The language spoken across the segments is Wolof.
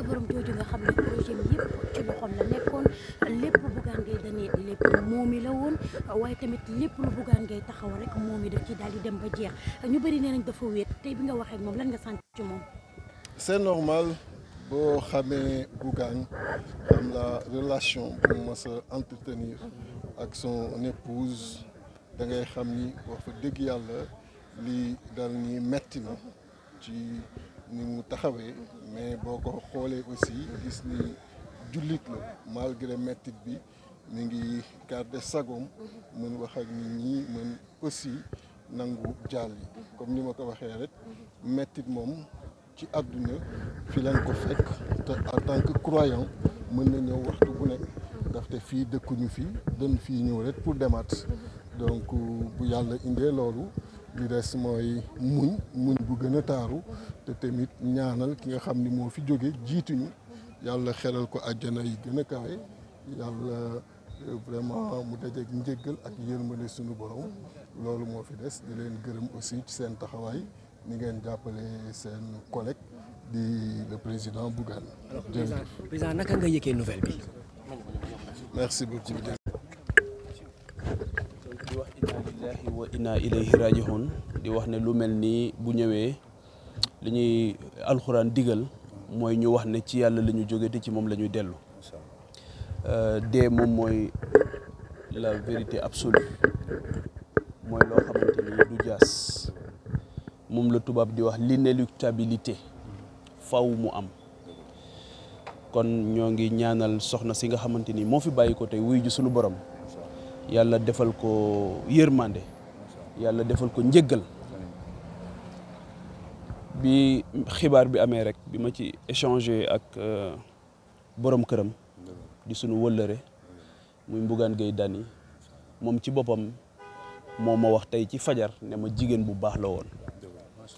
ca borom nga xam ne projet bi yëpp ci loxoom la nekkoon lépp Bougane Gueye Dany lépp moom mi la woon waaye tamit lépp lu Bougane Gueye taxaw rek moom mi def ci daal di dem ba jeex ñu bëri nee nañ dafa wéet tey bi moom lan nga sant ci moom. c'est normal boo xamee Bougane am la relation bu mas a entretenir ak son épouse da ngay xam ni wax fa dëgg yàlla li dal ni metti na ci. ni mu taxawee mais boo ko xoolee aussi gis ni jullit la malgré mettit bi mi ngi garder sagoom mën wax ak ñi mën aussi nangu jaal yi comme ni ma ko waxee rek mettit moom ci àdduna fi lañ ko fekk te en tant que croyant mën na ñëw waxtu bu nekk ndaxte fii dëkkuñu fi dañ fii ñëw rek pour demaat donc bu yàlla indee loolu li des mooy muñ muñ bu gën a taaru te tamit ñaanal ki nga xam ni moo fi jóge jiituñu yàlla xelal ko àjjana yi gën a kawe yàlla euh, mu dajeeg njëgal ak yërmande sunu borom loolu moo fi des di leen gërëm aussi ci seen taxawaay ni ngeen jàppale seen collègue di le président Bougane jërëjëf président naka nga yëkkee nouvelle bi wax inna lillahi wa inna di wax ne lu mel nii bu ñëwee li ñuy alxuraan diggal mooy ñu wax ne ci yàlla lañu ñu jóge te ci moom lañuy ñuy dellu euh, dee moom mooy la vérité absolue mooy loo xamante ni jaas moom la tubaab di wax l'inéluctabilité faw mu am kon ñoo ngi ñaanal soxna si nga xamante ni moo fi bàyyi ko tey wuy ju sunu borom yàlla defal ko yërmande yàlla defal ko njëggal bi xibaar bi amee rek bi ma ci échanger ak euh, borom këram di sunu wëllëre muy Bougane Gueye Dany moom ci boppam moom ma wax tey ci fajar ne ma jigéen bu baax la woon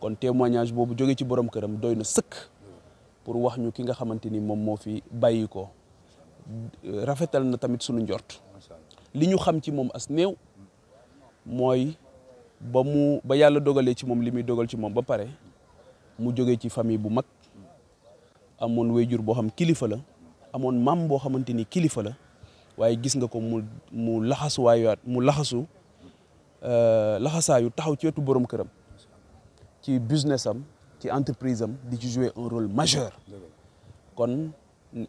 kon témoignage boobu jóge ci boroom këram doy na sëkk pour wax ñu ki nga xamante ni moom moo fi bàyyi ko rafetal na tamit sunu njort li ñu xam ci moom as néew mooy ba mu ba yàlla dogalee ci moom li muy dogal ci moom ba pare mu jógee ci famille bu mag amoon wéyjur boo xam kilifa la amoon maam boo xamante ni kilifa la waaye gis nga ko mu mu laxasuwaayuwaat mu laxasu euh, laxasaayu taxaw ci wetu borom këram ci businessam ci entreprise am di ci jouer un rôle majeur kon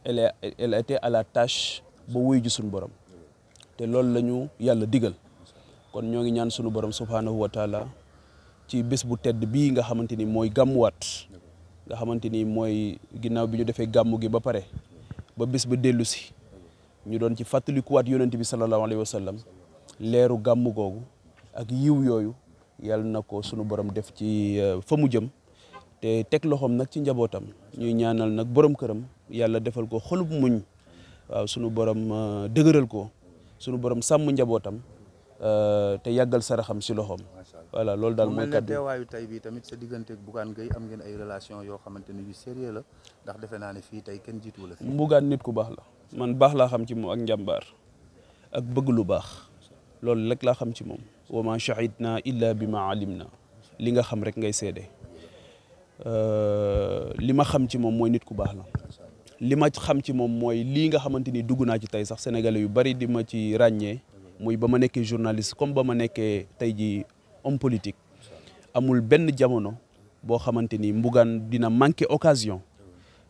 elle elle était à la tâche ba wuy ju suñu borom te loolu la ñu yàlla diggal kon ñoo ngi ñaan sunu borom subhaanahu wa ci bés bu tedd bii nga xamante ni mooy gàmmuwaat nga xamante ni mooy ginnaaw bi ñu defee gàmmu gi ba pare ba bés ba dellu si ñu doon ci fàttalikuwaat yonent bi salallaahu alayhi wa sallam leeru gàmmu googu ak yiw yooyu yàlla na ko sunu borom def ci euh, fa mu jëm te teg loxoom nag ci njabootam ñuy ñaanal nag borom këram yàlla defal ko xolub muñ waaw sunu borom euh, dëgëral ko sunu borom sàmm njabootam euh, te yàggal saraxam si loxoom. voilà lool daal mooy kaddu teewaayu tey tamit sa diggante ak Bougane am ngeen ay relation yoo xamante ne yu sérieux la ndax defe naa ne tey kenn jiituwu la fi. Bougane nit ku baax la man baax laa xam ci moom ak njàmbaar ak bëgg lu baax loolu rek laa xam ci moom. wa ma shahidna illa bi ma alimna li nga xam rek ngay seede euh, li ma xam ci moom mooy nit ku baax la. li ma xam ci moom mooy lii nga xamante ni dugg naa ci tey sax sénégalais yu bari di ma ci ràññee muy ba ma nekkee journaliste comme ba ma nekkee tey ji homme politique amul benn jamono boo xamante ni Bougane dina manqué occasion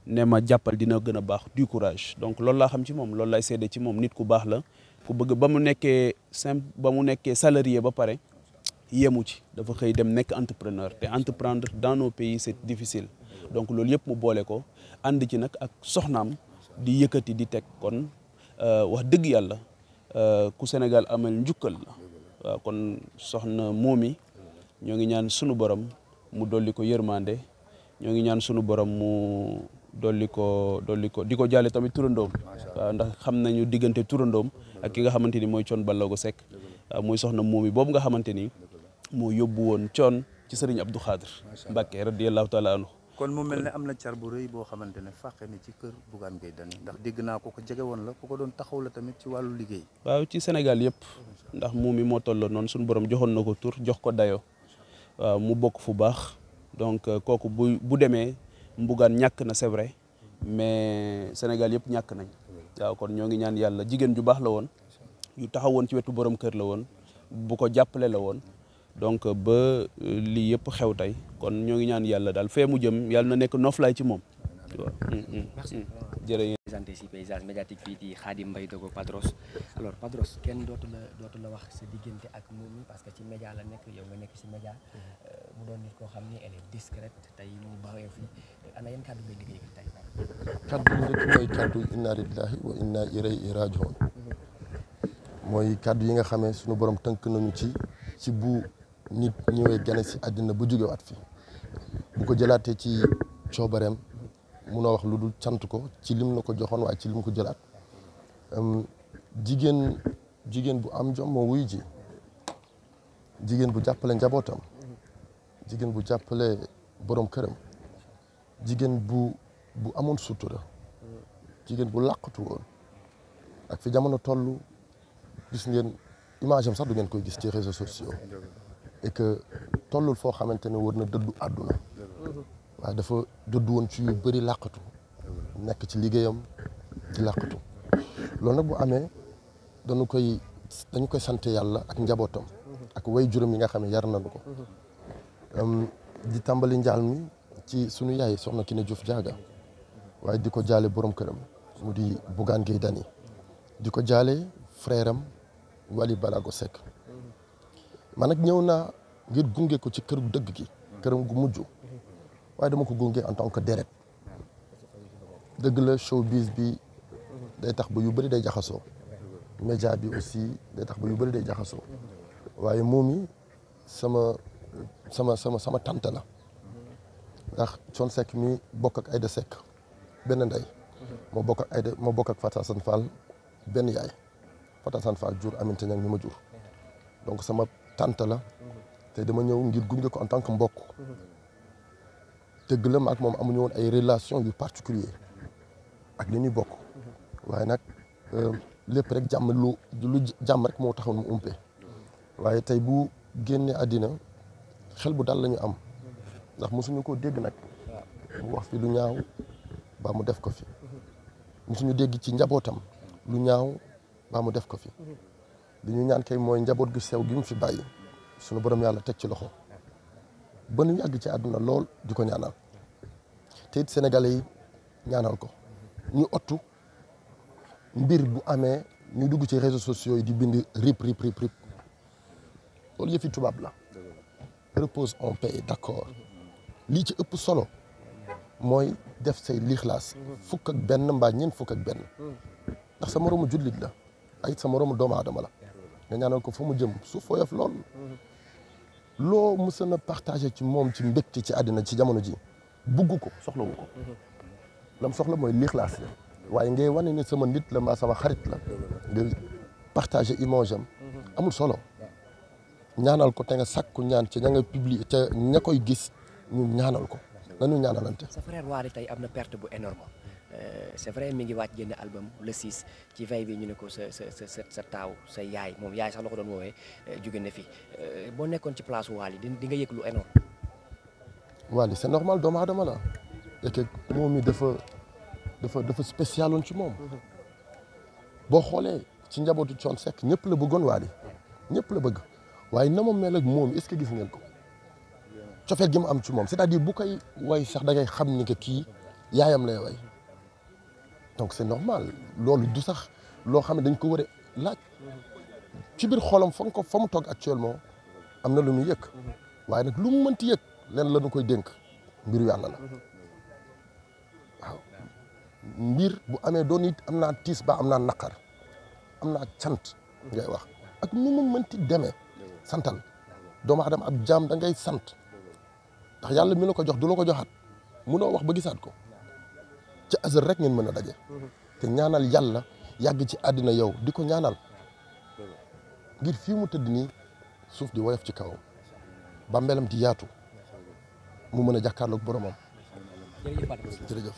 ne ma jàppal dina gën a baax du courage donc loolu laa xam ci moom loolu laay seede ci moom nit ku baax la ku bëgg ba mu nekkee simple ba mu nekkee salarié ba pare yemu ci dafa xëy dem nekk entrepreneur te entreprendre dans nos pays c'est difficile donc loolu yëpp mu boole ko ànd ci nag ak soxnaam di yëkkati di teg kon euh, wax dëgg yàlla euh, ku Sénégal amal njukkal waaw kon soxna moomi ñoo ngi ñaan sunu borom mu dolli ko yërmande ñoo ngi ñaan sunu borom mu dolli ko dolli ko di ko jaale tamit turandoom waaw ndax xam nañu diggante turandoom ak ki nga xamante ni mooy coon Balago Seck waaw mooy soxna moomi boobu nga xamante ni moo yóbbu woon coon ci sëriñ Abdou Khadir Mbacke radiyallahu taala anhu kon mu mel ne am na car bu rëy boo xamante ne fàqe ni ci kër Bougane Gueye Dany ndax dégg naa ko ko jege woon la ku ko doon taxaw la tamit ci wàllu liggéey. waaw ci Sénégal yëpp ndax muumi moo tolloo noonu suñu borom joxoon na ko tur jox ko dayoo mu bokk fu baax donc euh, kooku bu bu demee Bougane ñàkk na vrai mais Sénégal yëpp ñàkk nañ. waaw kon ñoo ngi ñaan yàlla jigéen ju baax la woon yu taxaw woon ci wetu borom kër la woon bu ko jàppale la woon. donc euh, ba euh, lii yëpp xew tey kon ñoo ngi ñaan yàlla daal fee mu jëm yàlla na nekk noflaay ci moom. jërëjëf présenté si paysage médiatique fii di Khadim Mbaye Dogo Padros alors Padros kenn dootu la dootu la wax sa diggante ak moom parce que ci média la nekk yow nga nekk si média euh, mu koo xam ni elle est discrète tey mu bawee fii ana yan kàddu ngay liggéey tey kàddu yu njëkk mooy kàddu inna mm-hmm. yi nga xamee suñu borom tënk nañu ci ci bu nit ñëwee gane si àddina bu jóge waat fi bu ko jëlaatee ci coobareem munoo wax lu dul cant ko ci lim la ko joxoon waaye ci lim ko jëlaat jigéen jigéen bu am jom moo wuyu ji jigéen bu jàppale njabootam jigéen bu jàppale borom këram jigéen bu bu amoon sutura jigéen bu làqatu woon ak fi jamono toll gis ngeen image am sax du ngeen koy gis ci réseaux sociaux et tollul foo xamante ne war na dëddu àdduna waaye dafa dëddu woon ci yu bari làqatu nekk ci liggéeyam di làqatu loolu nag bu amee dañu koy dañu koy sant yàlla ak njabootam ak way juróom yi nga xam ne yar nañu ko di tàmbali njaal mi ci sunu yaay soxna Kiné Diouf Diaga waaye di ko jaalee borom këram mu di Bougane Gueye Dany di ko jaalee frère am Waly Balago man nag ñëw naa ngir gunge ko ci këru dëgg gi këram gu mujj waaye dama ko gunge en tant que deret dëgg la showbiz bi day tax ba yu bëri day jaxasoo média bi aussi day tax ba yu bëri day jaxasoo waaye moom yi sama sama sama sama tante la ndax Thione sekk mi bokk ak Aïda Seck benn ndey moo bokk ak Aïda moo bokk ak Fatou Assane benn yaay Fatou Assane Fall jur Aminata Niang mi ma jur donc sama tante la te dama ñëw ngir gunge ko en tant que mbokk dëgg la ma moom amuñu woon ay relation yu particulier ak li ñuy bokk waaye nag euh, lépp rek jàmm lu lu jàmm rek moo taxaw mu umpe waaye tey bu génnee àddina xel bu dal lañu am ndax mosuñu koo dégg nag mu wax fi lu ñaaw baa mu def ko fi mosuñu dégg ci njabootam lu ñaaw baa mu def ko fi li ñu ñaan kay mooy njaboot gu sew gi mu fi bàyyi sunu boroom yàlla teg ci loxo ba nu yàgg ci àdduna lool di ko ñaanal te it sénégalais ñaanal ko ñu ottu mbir bu amee ñu dugg ci réseaux sociaux yi di bind rip rip rip loolu yëfi tubaab la repose en paix d'accord lii ci ëpp solo mooy def say lixlaas fukk ak benn mbaa ñeent fukk ak benn ndax sa moroomu jullit la ay sa moroomu doomu adama la nga ñaanal ko fa mu jëm suuf fooyof lool. loo mës na partagé ci moom ci mbégte ci àddina ci jamono ji bugg ko soxlawu ko. lam soxla mooy lixlaas la waaye ngay wane ne sama nit la mbaa sama xarit la nga partagé image amul solo ñaanal ko te nga sàkku ñaan ci ña nga publi te ña koy gis ñu ñaanal ko nanu ñaanalante. sa frère Wally tey am na perte bu énorme Euh, c'est vrai mi ngi wàcc génn album le 6 ci veille bi ñu ne ko sa sa sa sa taaw sa yaay moom yaay sax la ko doon woowee euh, jóge na fi euh, boo nekkoon ci place Wally di nga yëg lu énorme. Wally c'est normal doomu aadama la et que moom mi dafa dafa dafa spécial ci moom. boo xoolee ci njabootu Thione Seck ñëpp la bëggoon Wally ñëpp la bëgg waaye na ma mel ak moom est-ce que gis ngeen ko cofeel gi mu am ci moom c'est-à-dire bu koy way sax da xam ni que kii yaayam lay way. donc c'est normal loolu du sax loo xam ne dañ ko war a laaj ci biir xolam fa ko fa mu toog actuellement am na lu mu yëg waaye nag lu mu mënti yëg leen la ñu koy dénk mbiru yàlla la waaw mbir bu amee doon it am naa tiis ba am naa naqar am naa cant ngay wax ak nu mu mënti demee santal doomu aadama ab jaam dangay ngay sant ndax yàlla mi la ko jox du la ko joxaat munoo wax ba gisaat ko ci azar rek ngeen mën a daje. te ñaanal yàlla yàgg ci àddina yow di ko ñaanal ngir fii mu tëdd nii suuf di woyof ci kawam bàmbeelam di yaatu mu mën a jàkkaarloog boromam. jërëjëf.